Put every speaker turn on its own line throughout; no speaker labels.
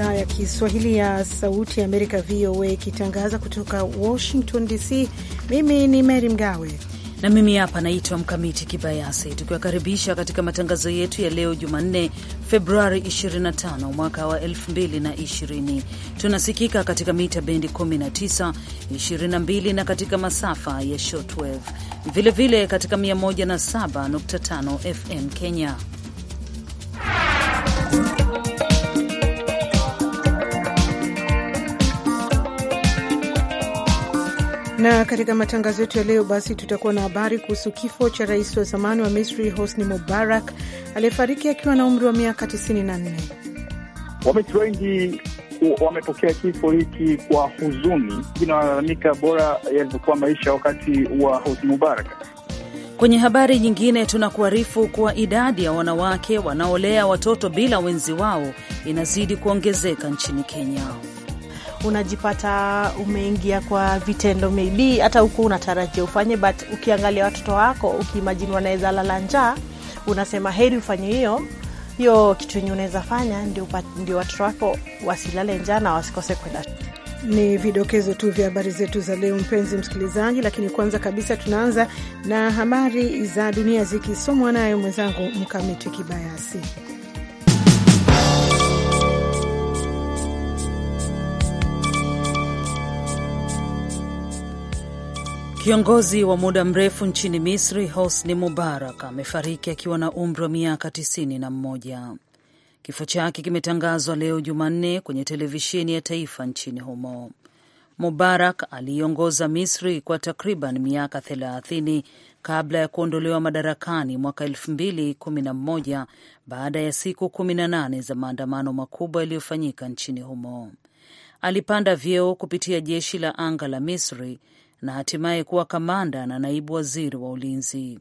idhaa ya Kiswahili ya Sauti ya Amerika, VOA, ikitangaza kutoka Washington DC. Mimi ni Mary Mgawe
na mimi hapa naitwa Mkamiti Kibayasi, tukiwakaribisha katika matangazo yetu ya leo Jumanne, Februari 25 mwaka wa 2020. Tunasikika katika mita bendi 19, 22 na katika masafa ya shortwave vilevile, katika 107.5 FM Kenya
Na katika matangazo yetu ya leo basi, tutakuwa na habari kuhusu kifo cha rais wa zamani wa Misri Hosni Mubarak aliyefariki akiwa na umri wa miaka 94.
Wamisri wengi wamepokea kifo hiki kwa huzuni, wengine wanalalamika bora yalivyokuwa maisha wakati wa Hosni Mubarak.
Kwenye habari nyingine, tunakuarifu kuwa idadi ya wanawake wanaolea watoto bila wenzi wao inazidi kuongezeka nchini Kenya
unajipata umeingia kwa vitendo, maybe hata huko unatarajia ufanye, but ukiangalia watoto wako ukiimajini wanaweza lala njaa, unasema heri ufanye hiyo hiyo kitu yenye unaweza fanya, ndio, ndio watoto wako wasilale njaa na wasikose kwenda
ni vidokezo tu vya habari zetu za leo, mpenzi msikilizaji, lakini kwanza kabisa tunaanza na habari za dunia zikisomwa nayo mwenzangu Mkamiti Kibayasi.
Kiongozi wa muda mrefu nchini Misri Hosni Mubarak amefariki akiwa na umri wa miaka 91. Kifo chake kimetangazwa leo Jumanne kwenye televisheni ya taifa nchini humo. Mubarak aliiongoza Misri kwa takriban miaka 30 kabla ya kuondolewa madarakani mwaka 2011 baada ya siku 18 za maandamano makubwa yaliyofanyika nchini humo. Alipanda vyeo kupitia jeshi la anga la Misri na hatimaye kuwa kamanda na naibu waziri wa ulinzi.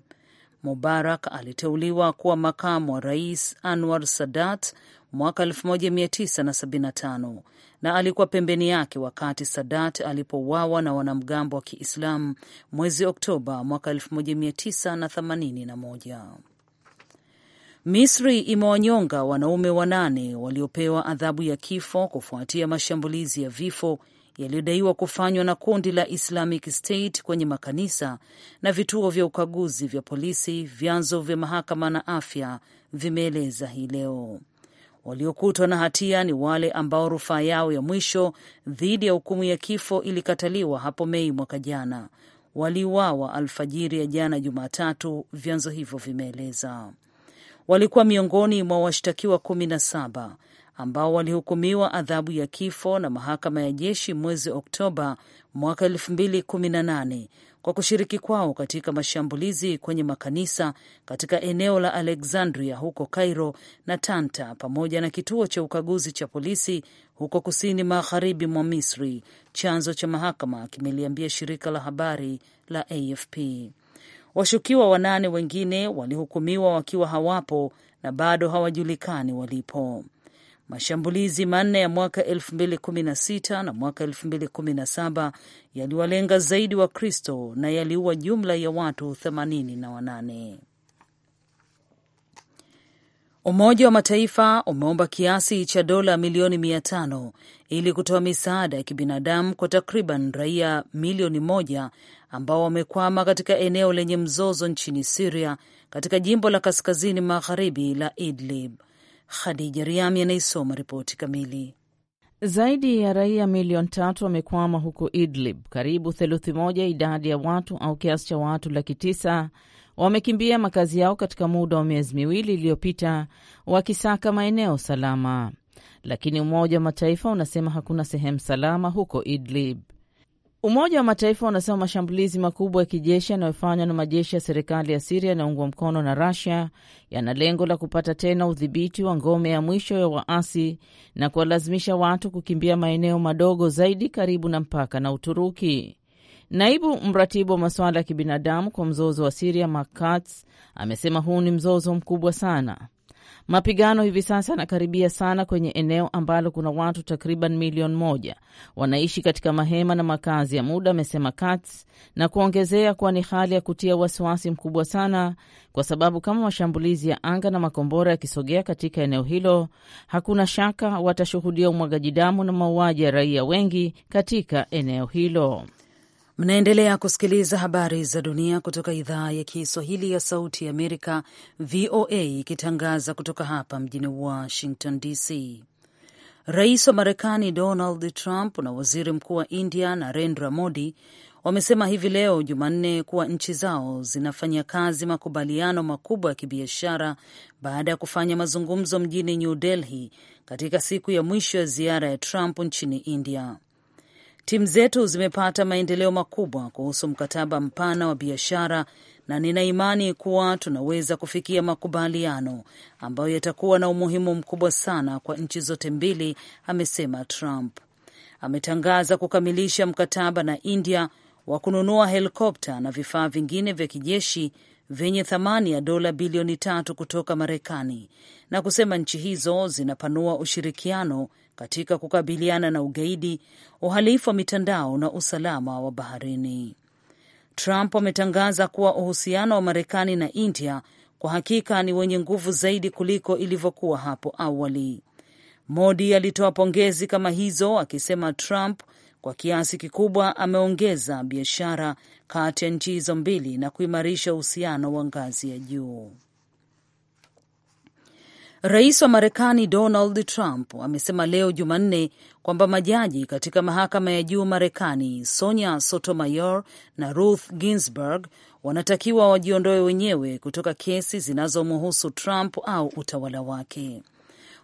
Mubarak aliteuliwa kuwa makamu wa rais Anwar Sadat mwaka 1975 na alikuwa pembeni yake wakati Sadat alipouawa na wanamgambo wa Kiislamu mwezi Oktoba mwaka 1981. Misri imewanyonga wanaume wanane waliopewa adhabu ya kifo kufuatia mashambulizi ya vifo yaliyodaiwa kufanywa na kundi la Islamic State kwenye makanisa na vituo vya ukaguzi vya polisi, vyanzo vya mahakama na afya vimeeleza hii leo. Waliokutwa na hatia ni wale ambao rufaa yao ya mwisho dhidi ya hukumu ya kifo ilikataliwa hapo Mei mwaka jana. Waliuawa alfajiri ya jana Jumatatu, vyanzo hivyo vimeeleza. Walikuwa miongoni mwa washtakiwa kumi na saba ambao walihukumiwa adhabu ya kifo na mahakama ya jeshi mwezi Oktoba mwaka 2018 kwa kushiriki kwao katika mashambulizi kwenye makanisa katika eneo la Alexandria huko Cairo na Tanta pamoja na kituo cha ukaguzi cha polisi huko kusini magharibi mwa Misri, chanzo cha mahakama kimeliambia shirika la habari la AFP. Washukiwa wanane wengine walihukumiwa wakiwa hawapo na bado hawajulikani walipo. Mashambulizi manne ya mwaka 2016 na mwaka 2017 yaliwalenga zaidi Wakristo na yaliua jumla ya watu 88. Umoja wa Mataifa umeomba kiasi cha dola milioni mia tano ili kutoa misaada ya kibinadamu kwa takriban raia milioni moja ambao wamekwama katika eneo lenye mzozo nchini Siria, katika jimbo la kaskazini magharibi la Idlib. Khadija Riami anaisoma ripoti kamili.
Zaidi ya raia milioni tatu wamekwama huko Idlib, karibu theluthi moja idadi ya watu au kiasi cha watu laki tisa wamekimbia makazi yao katika muda wa miezi miwili iliyopita, wakisaka maeneo salama, lakini Umoja wa Mataifa unasema hakuna sehemu salama huko Idlib. Umoja wa Mataifa unasema mashambulizi makubwa ya kijeshi yanayofanywa na majeshi ya serikali ya Siria yanaungwa mkono na Rasia yana lengo la kupata tena udhibiti wa ngome ya mwisho ya waasi na kuwalazimisha watu kukimbia maeneo madogo zaidi karibu na mpaka na Uturuki. Naibu mratibu wa masuala ya kibinadamu kwa mzozo wa Siria Mark Katz amesema huu ni mzozo mkubwa sana Mapigano hivi sasa yanakaribia sana kwenye eneo ambalo kuna watu takriban milioni moja wanaishi katika mahema na makazi ya muda, amesema Katz na kuongezea kuwa ni hali ya kutia wasiwasi mkubwa sana, kwa sababu kama mashambulizi ya anga na makombora yakisogea katika eneo hilo, hakuna shaka watashuhudia umwagaji damu na mauaji ya raia wengi katika eneo
hilo. Mnaendelea kusikiliza habari za dunia kutoka idhaa ya Kiswahili ya Sauti ya Amerika, VOA, ikitangaza kutoka hapa mjini Washington DC. Rais wa Marekani Donald Trump na waziri mkuu wa India Narendra Modi wamesema hivi leo Jumanne kuwa nchi zao zinafanya kazi makubaliano makubwa ya kibiashara baada ya kufanya mazungumzo mjini New Delhi katika siku ya mwisho ya ziara ya Trump nchini India. Timu zetu zimepata maendeleo makubwa kuhusu mkataba mpana wa biashara na nina imani kuwa tunaweza kufikia makubaliano ambayo yatakuwa na umuhimu mkubwa sana kwa nchi zote mbili, amesema Trump. Ametangaza kukamilisha mkataba na India wa kununua helikopta na vifaa vingine vya kijeshi vyenye thamani ya dola bilioni tatu kutoka Marekani na kusema nchi hizo zinapanua ushirikiano katika kukabiliana na ugaidi, uhalifu wa mitandao na usalama wa baharini. Trump ametangaza kuwa uhusiano wa Marekani na India kwa hakika ni wenye nguvu zaidi kuliko ilivyokuwa hapo awali. Modi alitoa pongezi kama hizo akisema Trump kwa kiasi kikubwa ameongeza biashara kati ya nchi hizo mbili na kuimarisha uhusiano wa ngazi ya juu. Rais wa Marekani Donald Trump amesema leo Jumanne kwamba majaji katika mahakama ya juu Marekani Sonia Sotomayor na Ruth Ginsburg wanatakiwa wajiondoe wenyewe kutoka kesi zinazomhusu Trump au utawala wake.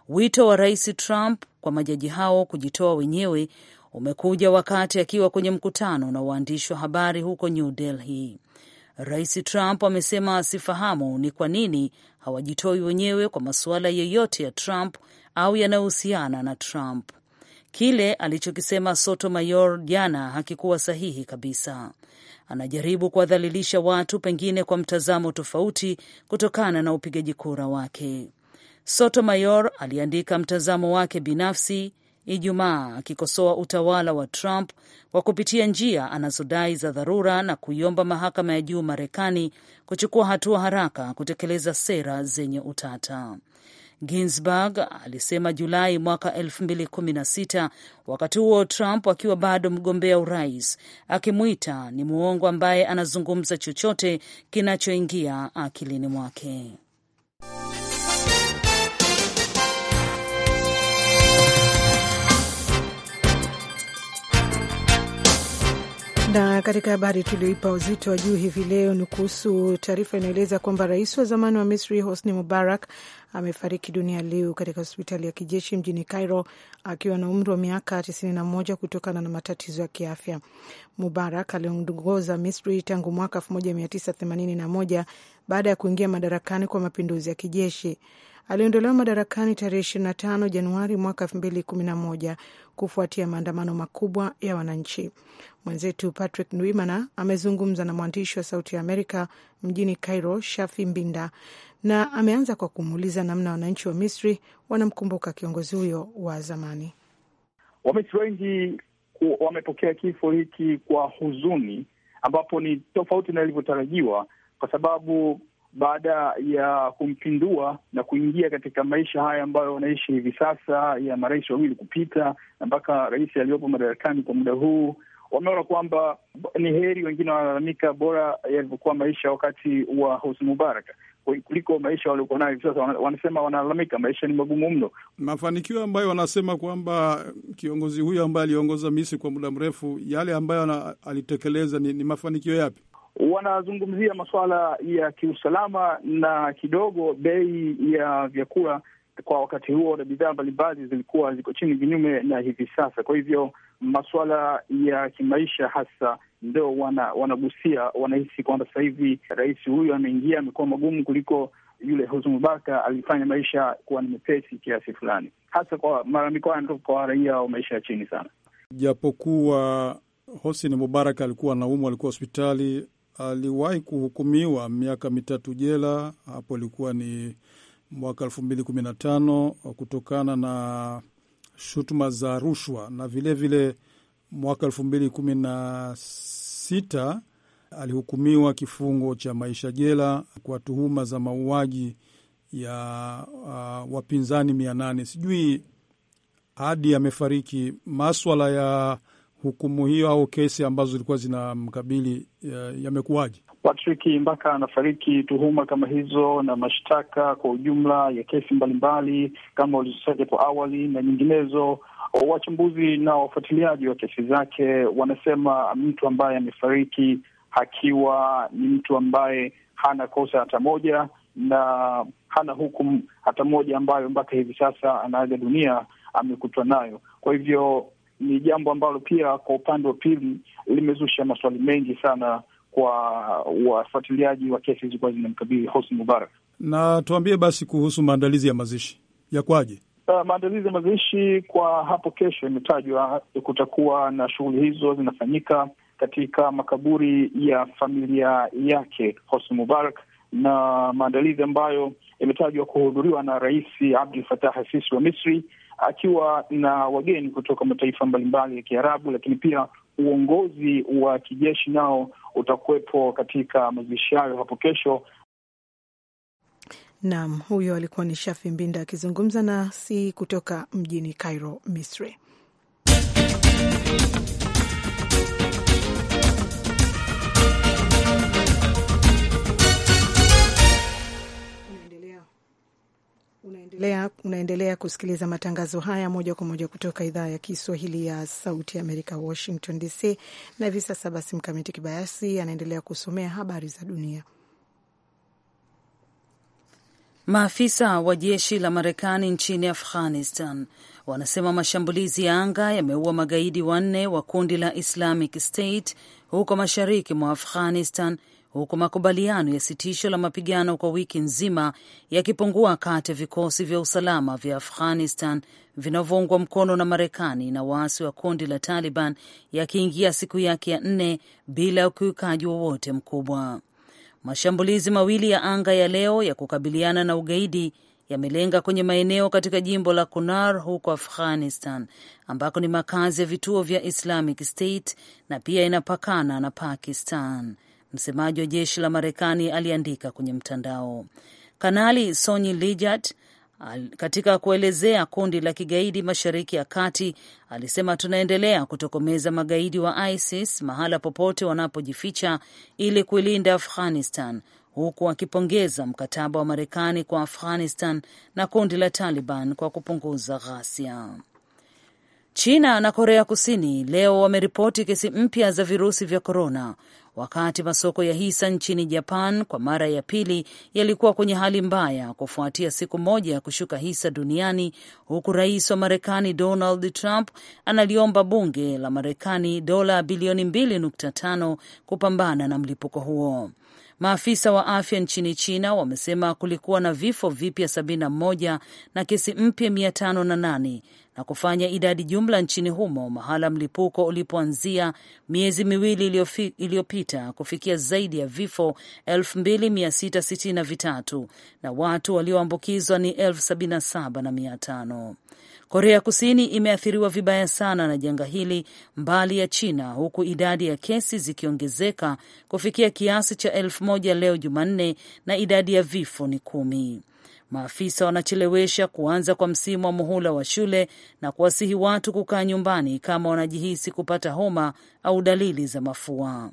Wito wa Rais Trump kwa majaji hao kujitoa wenyewe umekuja wakati akiwa kwenye mkutano na waandishi wa habari huko New Delhi. Rais Trump amesema sifahamu ni kwa nini hawajitoi wenyewe kwa masuala yeyote ya Trump au yanayohusiana na Trump. Kile alichokisema Sotomayor jana hakikuwa sahihi kabisa. Anajaribu kuwadhalilisha watu, pengine kwa mtazamo tofauti kutokana na upigaji kura wake. Sotomayor aliandika mtazamo wake binafsi Ijumaa akikosoa utawala wa Trump kwa kupitia njia anazodai za dharura na kuiomba mahakama ya juu Marekani kuchukua hatua haraka kutekeleza sera zenye utata. Ginsburg alisema Julai mwaka 2016, wakati huo Trump akiwa bado mgombea urais, akimwita ni muongo ambaye anazungumza chochote kinachoingia akilini mwake.
Na katika habari tulioipa uzito wa juu hivi leo ni kuhusu taarifa inaeleza kwamba rais wa zamani wa Misri Hosni Mubarak amefariki dunia leo katika hospitali ya kijeshi mjini Cairo akiwa na umri wa miaka 91 kutokana na matatizo ya kiafya. Mubarak aliongoza Misri tangu mwaka 1981 baada ya kuingia madarakani kwa mapinduzi ya kijeshi. Aliondolewa madarakani tarehe 25 Januari mwaka 2011 kufuatia maandamano makubwa ya wananchi. Mwenzetu Patrick Ndwimana amezungumza na mwandishi wa Sauti ya Amerika mjini Cairo, Shafi Mbinda, na ameanza kwa kumuuliza namna wananchi wa Misri wanamkumbuka kiongozi huyo wa zamani.
Wamisri wengi wamepokea kifo hiki kwa huzuni, ambapo ni tofauti na ilivyotarajiwa, kwa sababu baada ya kumpindua na kuingia katika maisha haya ambayo wanaishi hivi sasa ya marais wawili kupita na mpaka rais aliyopo madarakani kwa muda huu, wameona kwamba ni heri, wengine wanalalamika bora yalivyokuwa maisha wakati wa Hosni Mubarak kuliko maisha waliokuwa nayo hivi sasa. Wanasema wanalalamika maisha ni magumu mno. Mafanikio ambayo wanasema kwamba kiongozi huyo ambaye aliongoza Misri kwa muda mrefu, yale ambayo alitekeleza ni, ni mafanikio yapi? Wanazungumzia masuala ya kiusalama na kidogo bei ya vyakula kwa wakati huo na bidhaa mbalimbali zilikuwa ziko chini, kinyume na hivi sasa. Kwa hivyo masuala ya kimaisha hasa ndio wana, wanagusia wanahisi kwamba sasa hivi rais huyu ameingia, amekuwa magumu kuliko yule Hosni alifanya maisha kuwa ni mepesi kiasi fulani, hasa kwa malalamiko haya yanatoka kwa raia wa maisha ya chini sana. Japokuwa Hosni Mubarak alikuwa anaumwa, alikuwa hospitali, aliwahi kuhukumiwa miaka mitatu jela, hapo ilikuwa ni mwaka elfu mbili kumi na tano kutokana na shutuma za rushwa na vilevile vile mwaka elfu mbili kumi na sita alihukumiwa kifungo cha maisha jela kwa tuhuma za mauaji ya uh, wapinzani mia nane. Sijui hadi amefariki. Maswala ya hukumu hiyo au kesi ambazo zilikuwa zinamkabili uh, yamekuwaje, Patrick, mpaka anafariki? Tuhuma kama hizo na mashtaka kwa ujumla ya kesi mbalimbali mbali, kama walizosaja kwa awali na nyinginezo Wachambuzi na wafuatiliaji wa kesi zake wanasema mtu ambaye amefariki akiwa ni mtu ambaye hana kosa hata moja na hana hukumu hata moja ambayo mpaka hivi sasa anaaga dunia amekutwa nayo. Kwa hivyo ni jambo ambalo pia kwa upande wa pili limezusha maswali mengi sana kwa wafuatiliaji wa kesi zilikuwa zinamkabili Hosni Mubarak. Na tuambie basi kuhusu maandalizi ya mazishi yakwaje? Uh, maandalizi ya mazishi kwa hapo kesho imetajwa kutakuwa na shughuli hizo zinafanyika katika makaburi ya familia yake Hosni Mubarak, na maandalizi ambayo yametajwa kuhudhuriwa na Rais Abdul fatah sisi wa Misri akiwa na wageni kutoka mataifa mbalimbali ya Kiarabu, lakini pia uongozi wa kijeshi nao utakuwepo katika mazishi hayo hapo kesho,
Naam, huyo alikuwa ni Shafi Mbinda akizungumza nasi kutoka mjini Cairo, Misri. Unaendelea, unaendelea kusikiliza matangazo haya moja kwa moja kutoka idhaa ya Kiswahili ya Sauti ya Amerika, Washington DC. Na
hivi sasa basi, Mkamiti Kibayasi anaendelea kusomea habari za dunia. Maafisa wa jeshi la Marekani nchini Afghanistan wanasema mashambulizi ya anga yameua magaidi wanne wa kundi la Islamic State huko mashariki mwa Afghanistan, huku makubaliano ya sitisho la mapigano kwa wiki nzima yakipungua kati ya vikosi vya usalama vya Afghanistan vinavyoungwa mkono na Marekani na waasi wa kundi la Taliban yakiingia siku yake ya nne bila ya ukiukaji wowote mkubwa. Mashambulizi mawili ya anga ya leo ya kukabiliana na ugaidi yamelenga kwenye maeneo katika jimbo la Kunar huko Afghanistan, ambako ni makazi ya vituo vya Islamic State na pia inapakana na Pakistan. Msemaji wa jeshi la Marekani aliandika kwenye mtandao. Kanali sonyi Lijat katika kuelezea kundi la kigaidi Mashariki ya Kati alisema tunaendelea kutokomeza magaidi wa ISIS mahala popote wanapojificha ili kuilinda Afghanistan, huku akipongeza mkataba wa Marekani kwa Afghanistan na kundi la Taliban kwa kupunguza ghasia. China na Korea Kusini leo wameripoti kesi mpya za virusi vya korona wakati masoko ya hisa nchini Japan kwa mara ya pili yalikuwa kwenye hali mbaya kufuatia siku moja ya kushuka hisa duniani, huku rais wa Marekani Donald Trump analiomba bunge la Marekani dola bilioni 2.5 kupambana na mlipuko huo. Maafisa wa afya nchini China wamesema kulikuwa na vifo vipya 71 na kesi mpya 508 na kufanya idadi jumla nchini humo mahala mlipuko ulipoanzia miezi miwili iliyopita kufikia zaidi ya vifo 2663 na watu walioambukizwa ni 77,500. Korea Kusini imeathiriwa vibaya sana na janga hili mbali ya China, huku idadi ya kesi zikiongezeka kufikia kiasi cha elfu moja leo Jumanne, na idadi ya vifo ni kumi. Maafisa wanachelewesha kuanza kwa msimu wa muhula wa shule na kuwasihi watu kukaa nyumbani kama wanajihisi kupata homa au dalili za mafua.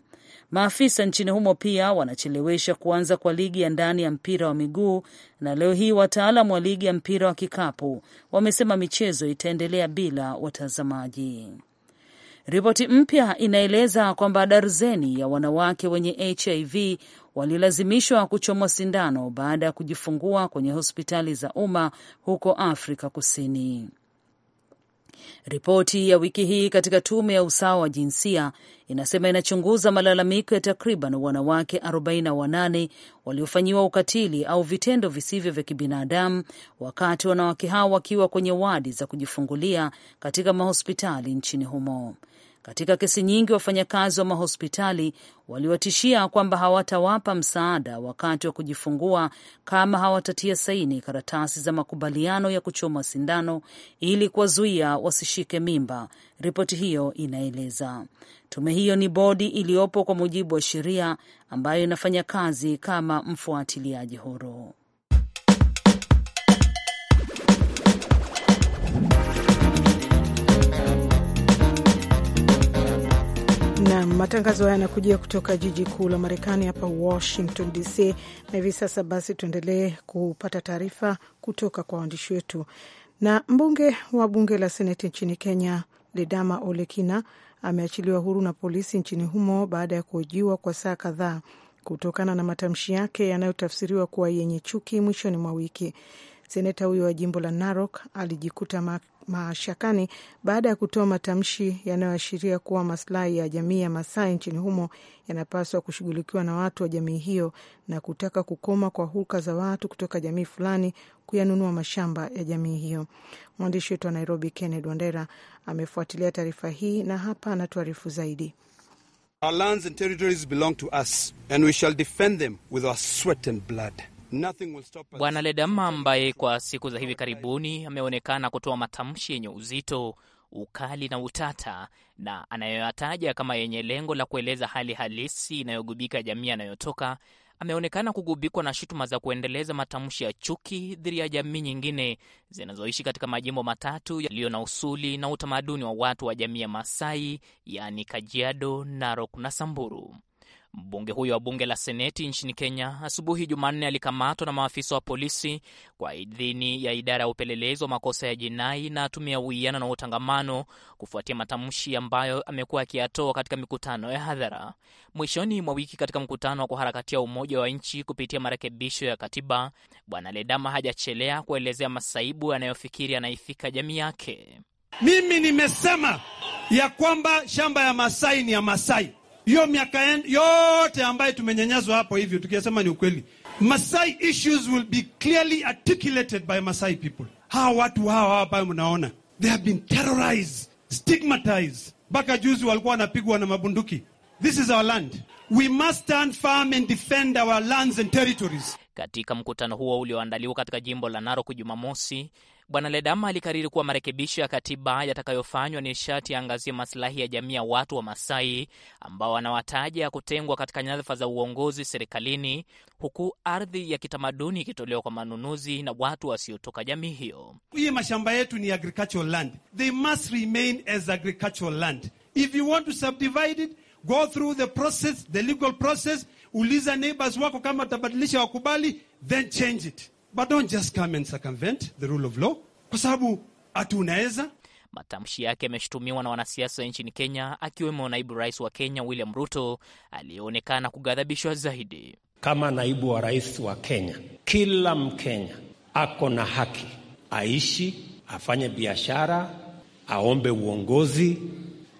Maafisa nchini humo pia wanachelewesha kuanza kwa ligi ya ndani ya mpira wa miguu, na leo hii wataalam wa ligi ya mpira wa kikapu wamesema michezo itaendelea bila watazamaji. Ripoti mpya inaeleza kwamba darzeni ya wanawake wenye HIV walilazimishwa kuchomwa sindano baada ya kujifungua kwenye hospitali za umma huko Afrika Kusini. Ripoti ya wiki hii katika tume ya usawa wa jinsia inasema inachunguza malalamiko ya takriban wanawake 48 waliofanyiwa ukatili au vitendo visivyo vya kibinadamu wakati wanawake hao wakiwa kwenye wadi za kujifungulia katika mahospitali nchini humo. Katika kesi nyingi, wafanyakazi wa mahospitali waliwatishia kwamba hawatawapa msaada wakati wa kujifungua kama hawatatia saini karatasi za makubaliano ya kuchoma sindano ili kuwazuia wasishike mimba, ripoti hiyo inaeleza. Tume hiyo ni bodi iliyopo kwa mujibu wa sheria ambayo inafanya kazi kama mfuatiliaji huru.
Nam, matangazo haya yanakujia kutoka jiji kuu la Marekani, hapa Washington DC. Na hivi sasa basi, tuendelee kupata taarifa kutoka kwa waandishi wetu. Na mbunge wa bunge la seneti nchini Kenya, Ledama Olekina, ameachiliwa huru na polisi nchini humo baada ya kuhojiwa kwa saa kadhaa kutokana na matamshi yake yanayotafsiriwa kuwa yenye chuki mwishoni mwa wiki. Seneta huyo wa jimbo la Narok alijikuta ma mashakani baada ya kutoa matamshi yanayoashiria kuwa maslahi ya jamii ya Masai nchini humo yanapaswa kushughulikiwa na watu wa jamii hiyo na kutaka kukoma kwa hulka za watu kutoka jamii fulani kuyanunua mashamba ya jamii hiyo. Mwandishi wetu wa Nairobi, Kenneth Wandera, amefuatilia taarifa hii na hapa anatuarifu zaidi.
Our lands and territories belong to us and we shall defend them with our sweat and blood.
Bwana Ledama ambaye kwa siku za hivi karibuni ameonekana kutoa matamshi yenye uzito, ukali na utata, na anayoyataja kama yenye lengo la kueleza hali halisi inayogubika jamii anayotoka, ameonekana kugubikwa na shutuma za kuendeleza matamshi ya chuki dhidi ya jamii nyingine zinazoishi katika majimbo matatu yaliyo na usuli na utamaduni wa watu wa jamii ya Masai, yaani Kajiado, Narok na Samburu. Mbunge huyo wa bunge la seneti nchini Kenya asubuhi Jumanne alikamatwa na maafisa wa polisi kwa idhini ya idara ya upelelezi wa makosa ya jinai na atumia uwiano na utangamano kufuatia matamshi ambayo amekuwa akiyatoa katika mikutano ya hadhara mwishoni mwa wiki. Katika mkutano wa kuharakatia umoja wa nchi kupitia marekebisho ya katiba, Bwana Ledama hajachelea kuelezea masaibu anayofikiri anaifika jamii yake.
Mimi nimesema ya kwamba shamba ya Masai ni ya Masai hiyo miaka yote ambayo tumenyanyazwa hapo hivyo, tukisema ni ukweli, Masai issues will be clearly articulated by Masai people. Hawa watu hawa hapa mnaona, they have been terrorized, stigmatized. Mpaka juzi walikuwa wanapigwa na mabunduki. This is our land. We must stand firm and defend our lands and territories.
Katika mkutano huo ulioandaliwa katika jimbo la Narok Jumamosi, Bwana Ledama alikariri kuwa marekebisho ya katiba yatakayofanywa ni sharti yaangazie masilahi ya jamii ya watu wa Masai ambao anawataja kutengwa katika nyadhifa za uongozi serikalini, huku ardhi ya kitamaduni ikitolewa kwa manunuzi na watu wasiotoka jamii hiyo.
Hii mashamba yetu ni agricultural land. They must remain as agricultural land. If you want to subdivide it, go through the process, the legal process. Uliza neighbors wako kama utabadilisha wakubali, then change it. But don't just come and circumvent the rule of law, kwa sababu hatunaweza.
Matamshi yake yameshutumiwa na wanasiasa nchini Kenya, akiwemo naibu rais wa Kenya William Ruto aliyeonekana kughadhabishwa zaidi.
Kama naibu wa rais wa Kenya, kila Mkenya ako na haki aishi, afanye biashara, aombe uongozi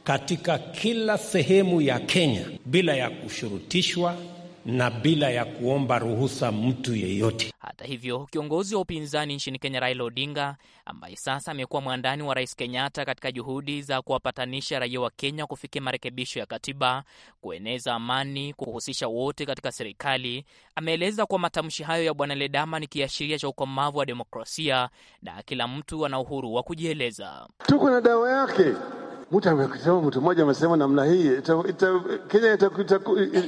katika kila sehemu ya Kenya bila ya kushurutishwa na bila ya kuomba ruhusa mtu yeyote.
Hata hivyo, kiongozi wa upinzani nchini Kenya Raila Odinga, ambaye sasa amekuwa mwandani wa Rais Kenyatta katika juhudi za kuwapatanisha raia wa Kenya kufikia marekebisho ya katiba, kueneza amani, kuhusisha wote katika serikali, ameeleza kuwa matamshi hayo ya Bwana Ledama ni kiashiria cha ukomavu wa demokrasia na kila mtu ana uhuru wa kujieleza.
Tuko na dawa yake Mtu amesema mtu mmoja amesema namna hii ita, ita, Kenya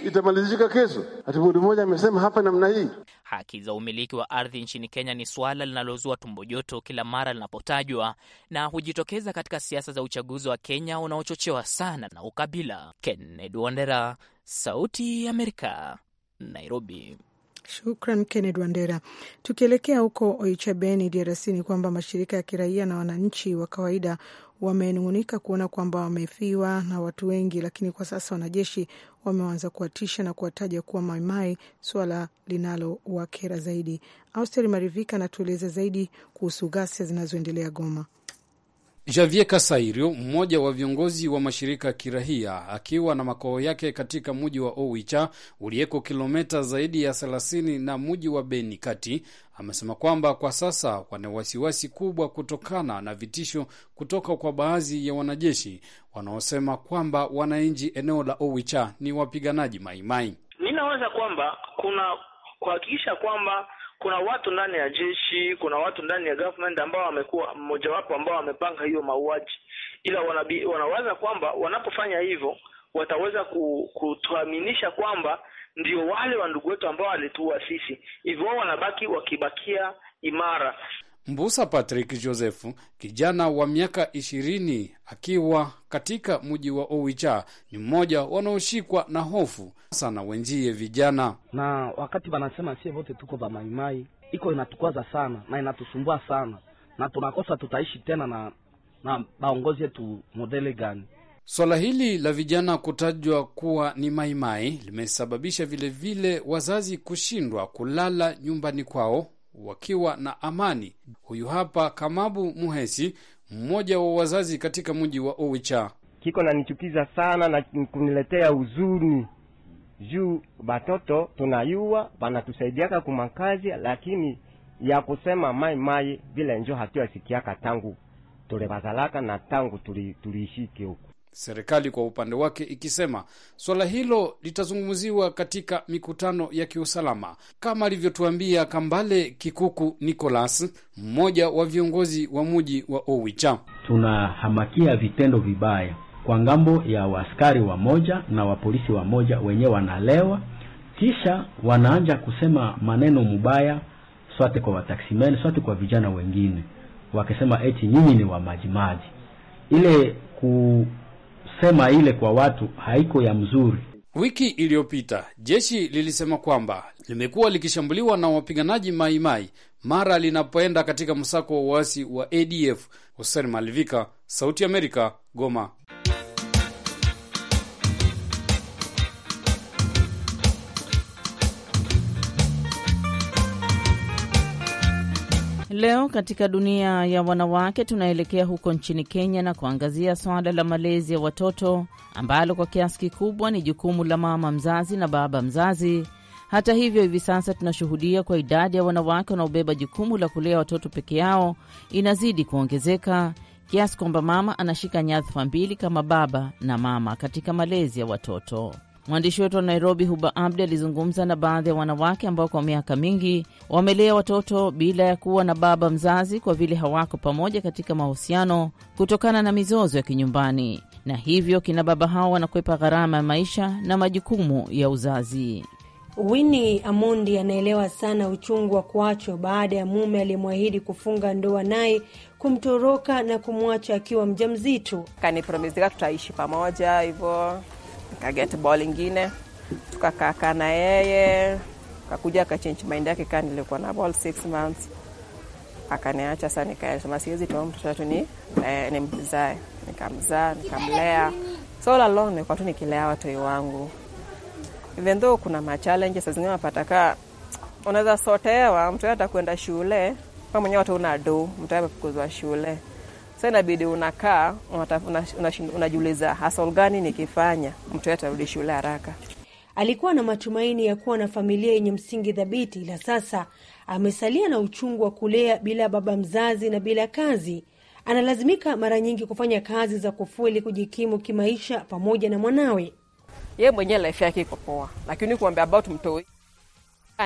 itamalizika ita, ita kesho. Ati mtu mmoja amesema hapa namna hii. Haki
za umiliki wa ardhi nchini Kenya ni suala linalozua tumbo joto kila mara linapotajwa na hujitokeza katika siasa za uchaguzi wa Kenya unaochochewa sana na ukabila. Kennedy Wandera, Sauti ya Amerika, Nairobi.
Shukran, kenned Wandera. Tukielekea huko Oichebeni, DRC, ni kwamba mashirika ya kiraia na wananchi wa kawaida wamenung'unika kuona kwamba wamefiwa na watu wengi, lakini kwa sasa wanajeshi wameanza kuwatisha na kuwataja kuwa maimai, suala linalowakera zaidi. Austeri Marivika anatueleza zaidi kuhusu ghasia zinazoendelea Goma.
Javier Kasairu, mmoja wa viongozi wa mashirika ya kirahia akiwa na makao yake katika mji wa Owicha uliyeko kilometa zaidi ya thelathini na mji wa Beni kati, amesema kwamba kwa sasa wana wasiwasi kubwa kutokana na vitisho kutoka kwa baadhi ya wanajeshi wanaosema kwamba wananchi eneo la Owicha ni wapiganaji maimai.
Ninaweza kwamba kuna kuhakikisha kwamba kuna watu ndani ya jeshi, kuna watu ndani ya government ambao wamekuwa mmojawapo ambao wamepanga hiyo mauaji, ila wanabi, wanawaza kwamba wanapofanya hivyo wataweza kutuaminisha kwamba ndio wale wa ndugu wetu ambao walituua sisi, hivyo wanabaki wakibakia imara.
Mbusa Patrick Joseph, kijana wa miaka ishirini, akiwa katika mji wa Owicha, ni mmoja wanaoshikwa na hofu sana wenjie vijana, na wakati wanasema sie vote tuko vamaimai, iko inatukwaza sana na inatusumbua sana, na tunakosa tutaishi tena na na baongozi yetu modele gani? Swala hili la vijana kutajwa kuwa ni maimai limesababisha vilevile wazazi kushindwa kulala nyumbani kwao wakiwa na amani. Huyu hapa Kamabu Muhesi, mmoja wa wazazi katika mji wa Owicha. Kiko nanichukiza sana na kuniletea
huzuni juu batoto tunayua banatusaidiaka kumakazi, lakini ya kusema mai mai vile njo hatuyasikiaka tangu
tulibazalaka na tangu tuli huku serikali kwa upande wake ikisema swala hilo litazungumziwa katika mikutano ya kiusalama, kama alivyotuambia Kambale Kikuku Nicolas, mmoja wa viongozi wa muji wa Owicha.
Tunahamakia vitendo vibaya kwa ngambo ya waaskari wamoja na wapolisi wamoja, wenyewe wanalewa kisha wanaanja kusema maneno mubaya swate kwa wataksimeni, swate kwa vijana wengine, wakisema eti nyinyi ni wa majimaji ile ku sema ile kwa watu haiko ya mzuri.
Wiki iliyopita jeshi lilisema kwamba limekuwa likishambuliwa na wapiganaji maimai mara linapoenda katika msako wa waasi wa ADF. Hussein Malivika, Sauti ya Amerika, Goma.
Leo katika dunia ya wanawake tunaelekea huko nchini Kenya na kuangazia swala la malezi ya watoto ambalo kwa kiasi kikubwa ni jukumu la mama mzazi na baba mzazi. Hata hivyo, hivi sasa tunashuhudia kwa idadi ya wanawake wanaobeba jukumu la kulea watoto peke yao inazidi kuongezeka kiasi kwamba mama anashika nyadhifa mbili kama baba na mama katika malezi ya watoto. Mwandishi wetu wa Nairobi, Huba Abdi, alizungumza na baadhi ya wanawake ambao kwa miaka mingi wamelea watoto bila ya kuwa na baba mzazi, kwa vile hawako pamoja katika mahusiano kutokana na mizozo ya kinyumbani, na hivyo kina baba hao wanakwepa gharama ya maisha na majukumu ya uzazi.
Wini Amundi anaelewa sana uchungu wa kuachwa baada ya mume aliyemwahidi kufunga ndoa naye kumtoroka na kumwacha akiwa mjamzito. Kanipromisika tutaishi pamoja hivyo Nikageti
ball ingine tukakaa na yeye, kakuja akachange mind yake, kaa nilikuwa na ball six months akaniacha. Sasa nikasema siwezi toa mtoto wetu ni eh, ni nimzae. Nikamzaa, nikamlea, so all along nilikuwa tu nikilea watoi wangu, even though kuna machallenges sasa zingine unapata ka unaweza sotewa, mtoto atakwenda shule, kama mwenyewe watu una do mtoto akukuzwa shule sasa
inabidi unakaa unajiuliza, hasol gani nikifanya mtoto atarudi shule haraka. Alikuwa na matumaini ya kuwa na familia yenye msingi thabiti, ila sasa amesalia na uchungu wa kulea bila baba mzazi na bila kazi. Analazimika mara nyingi kufanya kazi za kufua ili kujikimu kimaisha pamoja na mwanawe.
Ye mwenyewe life yake iko poa, lakini kuambia about mtoi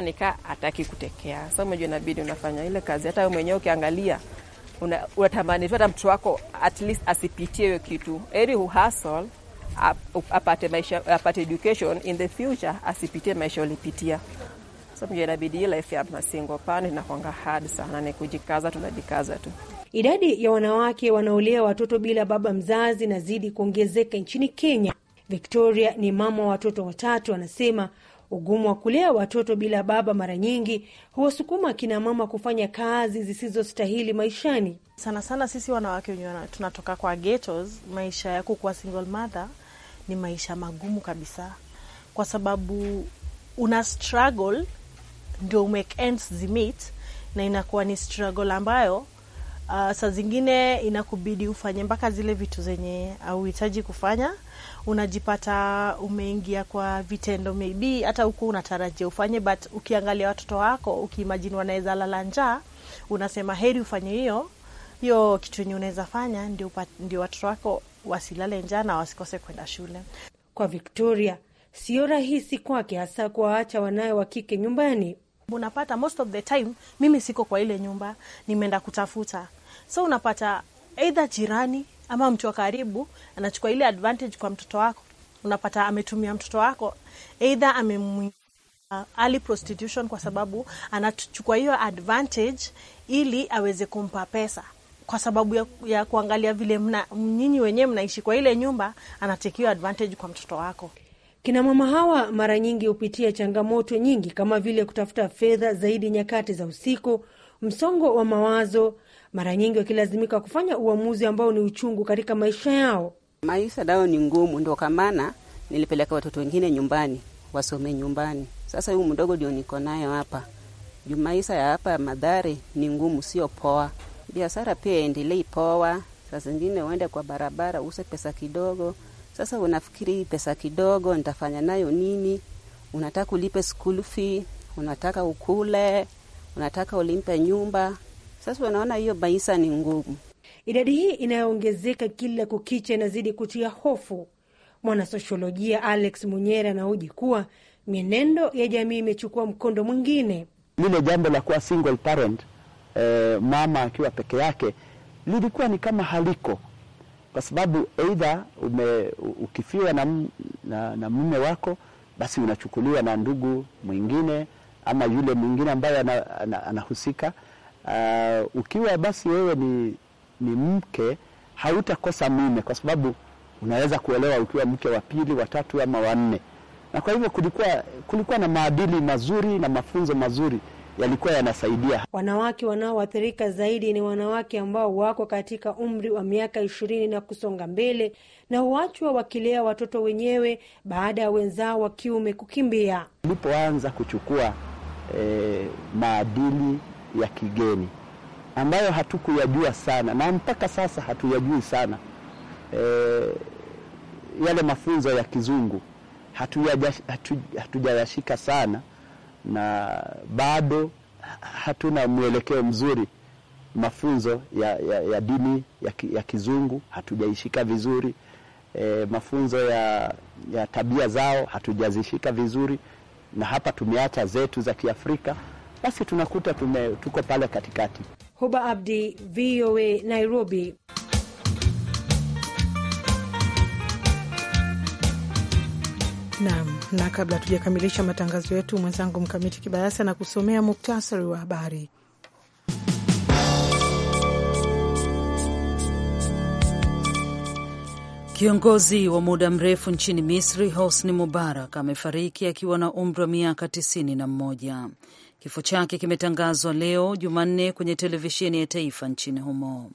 nika ataki kutekea. sa so, unajua inabidi unafanya ile kazi, hata mwenyewe ukiangalia unatamani tu hata mtoto wako at least asipitie hiyo kitu, heri uhasol apate maisha, apate education in the future, asipitie maisha ulipitia. Sababu so, inabidi hii life ya masingo
pana inakwanga hard sana, ni kujikaza, tunajikaza tu. Idadi ya wanawake wanaolea watoto bila baba mzazi inazidi kuongezeka nchini Kenya. Victoria ni mama wa watoto watatu, anasema Ugumu wa kulea watoto bila baba mara nyingi huwasukuma akinamama mama kufanya kazi zisizostahili maishani. Sana sana sisi wanawake wenye
tunatoka kwa ghettos, maisha ya kukuwa single mother ni maisha magumu kabisa, kwa sababu una struggle ndio make ends meet, na inakuwa ni struggle ambayo uh, saa zingine inakubidi ufanye mpaka zile vitu zenye auhitaji kufanya. Unajipata umeingia kwa vitendo, maybe hata huku unatarajia ufanye, but ukiangalia watoto wako, ukiimajini wanaweza lala njaa, unasema heri ufanye hiyo hiyo kitu yenye unaweza fanya, ndio, ndio watoto wako wasilale njaa na wasikose kwenda shule. Kwa Victoria sio rahisi kwake, hasa kuwaacha wanawe wa kike nyumbani. Unapata most of the time mimi siko kwa ile nyumba, nimeenda kutafuta So unapata aidha jirani ama mtu wa karibu anachukua ile advantage kwa mtoto wako. Unapata ametumia mtoto wako aidha amemwingia uh, early prostitution, kwa sababu anachukua hiyo advantage ili aweze kumpa pesa kwa sababu ya, ya kuangalia vile mna, nyinyi wenyewe mnaishi kwa ile nyumba, anatekiwa advantage kwa mtoto wako.
Kina mama hawa mara nyingi hupitia changamoto nyingi kama vile kutafuta fedha zaidi nyakati za usiku, msongo wa mawazo mara nyingi wakilazimika kufanya uamuzi ambao ni uchungu katika maisha yao. Maisha dao ni ngumu, ndo kamana nilipeleka watoto
wengine nyumbani wasome nyumbani. Sasa huyu mdogo ndio niko nayo hapa juu. Maisha ya hapa Madhare ni ngumu, sio poa. Biashara pia endelei poa, saa zingine uende kwa barabara use pesa kidogo. Sasa unafikiri hii pesa kidogo nitafanya nayo nini? Unataka ulipe school fee, unataka ukule,
unataka ulimpe nyumba sasa unaona hiyo baisa ni ngumu. Idadi hii inayoongezeka kila kukicha inazidi kutia hofu. Mwanasosiolojia Alex munyere anahoji kuwa mienendo ya jamii imechukua mkondo mwingine.
Lile jambo la kuwa single parent, eh, mama akiwa peke yake lilikuwa ni kama haliko, kwa sababu eidha ukifiwa na, na, na mume wako basi unachukuliwa na ndugu mwingine ama yule mwingine ambaye anahusika ana, ana uh, ukiwa basi wewe ni, ni mke hautakosa mume kwa sababu unaweza kuolewa ukiwa mke wa pili, wa tatu ama wa nne. Na kwa hivyo kulikuwa, kulikuwa na maadili mazuri na mafunzo mazuri yalikuwa yanasaidia.
Wanawake wanaoathirika zaidi ni wanawake ambao wako katika umri wa miaka ishirini na kusonga mbele na huachwa wakilea watoto wenyewe baada ya wenzao wa kiume kukimbia.
Ulipoanza kuchukua eh, maadili ya kigeni ambayo hatukuyajua sana na mpaka sasa hatuyajui sana e, yale mafunzo ya kizungu hatujayashika hatu, sana na bado hatuna mwelekeo mzuri. Mafunzo ya, ya, ya dini ya, ya kizungu hatujaishika vizuri. E, mafunzo ya, ya tabia zao hatujazishika vizuri, na hapa tumeacha zetu za Kiafrika basi tunakuta tume, tuko pale katikati.
Hoba Abdi, VOA Nairobi.
Naam, na kabla hatujakamilisha matangazo yetu, mwenzangu Mkamiti Kibayasi na kusomea muktasari wa habari.
Kiongozi wa muda mrefu nchini Misri Hosni Mubarak amefariki akiwa na umri wa miaka tisini na mmoja. Kifo chake kimetangazwa leo Jumanne kwenye televisheni ya taifa nchini humo.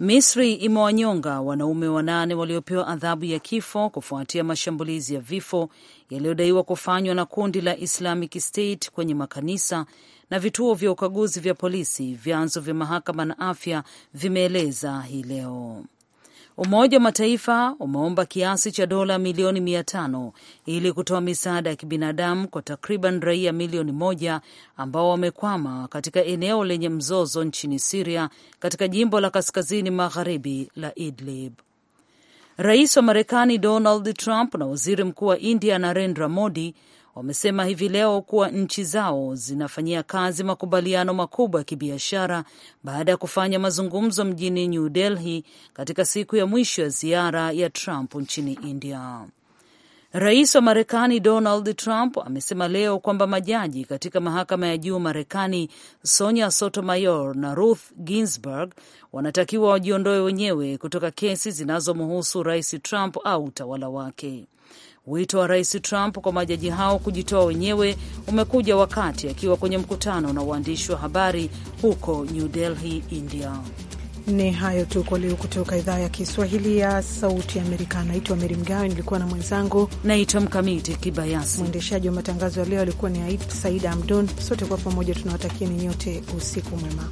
Misri imewanyonga wanaume wanane waliopewa adhabu ya kifo kufuatia mashambulizi ya vifo yaliyodaiwa kufanywa na kundi la Islamic State kwenye makanisa na vituo vya ukaguzi vya polisi, vyanzo vya mahakama na afya vimeeleza hii leo. Umoja wa Mataifa umeomba kiasi cha dola milioni mia tano ili kutoa misaada ya kibinadamu kwa takriban raia milioni moja ambao wamekwama katika eneo lenye mzozo nchini Siria, katika jimbo la kaskazini magharibi la Idlib. Rais wa Marekani Donald Trump na waziri mkuu wa India Narendra Modi wamesema hivi leo kuwa nchi zao zinafanyia kazi makubaliano makubwa ya kibiashara baada ya kufanya mazungumzo mjini New Delhi katika siku ya mwisho ya ziara ya Trump nchini India. Rais wa Marekani Donald Trump amesema leo kwamba majaji katika mahakama ya juu Marekani Sonia Sotomayor na Ruth Ginsburg wanatakiwa wajiondoe wenyewe kutoka kesi zinazomhusu Rais Trump au utawala wake. Wito wa Rais Trump kwa majaji hao kujitoa wenyewe umekuja wakati akiwa kwenye mkutano na waandishi wa habari huko New Delhi, India.
Ni hayo tu kwa leo kutoka idhaa ya Kiswahili ya Sauti ya Amerika. Naitwa Meri Mgawe, nilikuwa na mwenzangu naitwa Mkamiti Kibayasi. Mwendeshaji wa matangazo ya leo alikuwa ni Saida Amdon. Sote kwa pamoja tunawatakia ni nyote usiku mwema.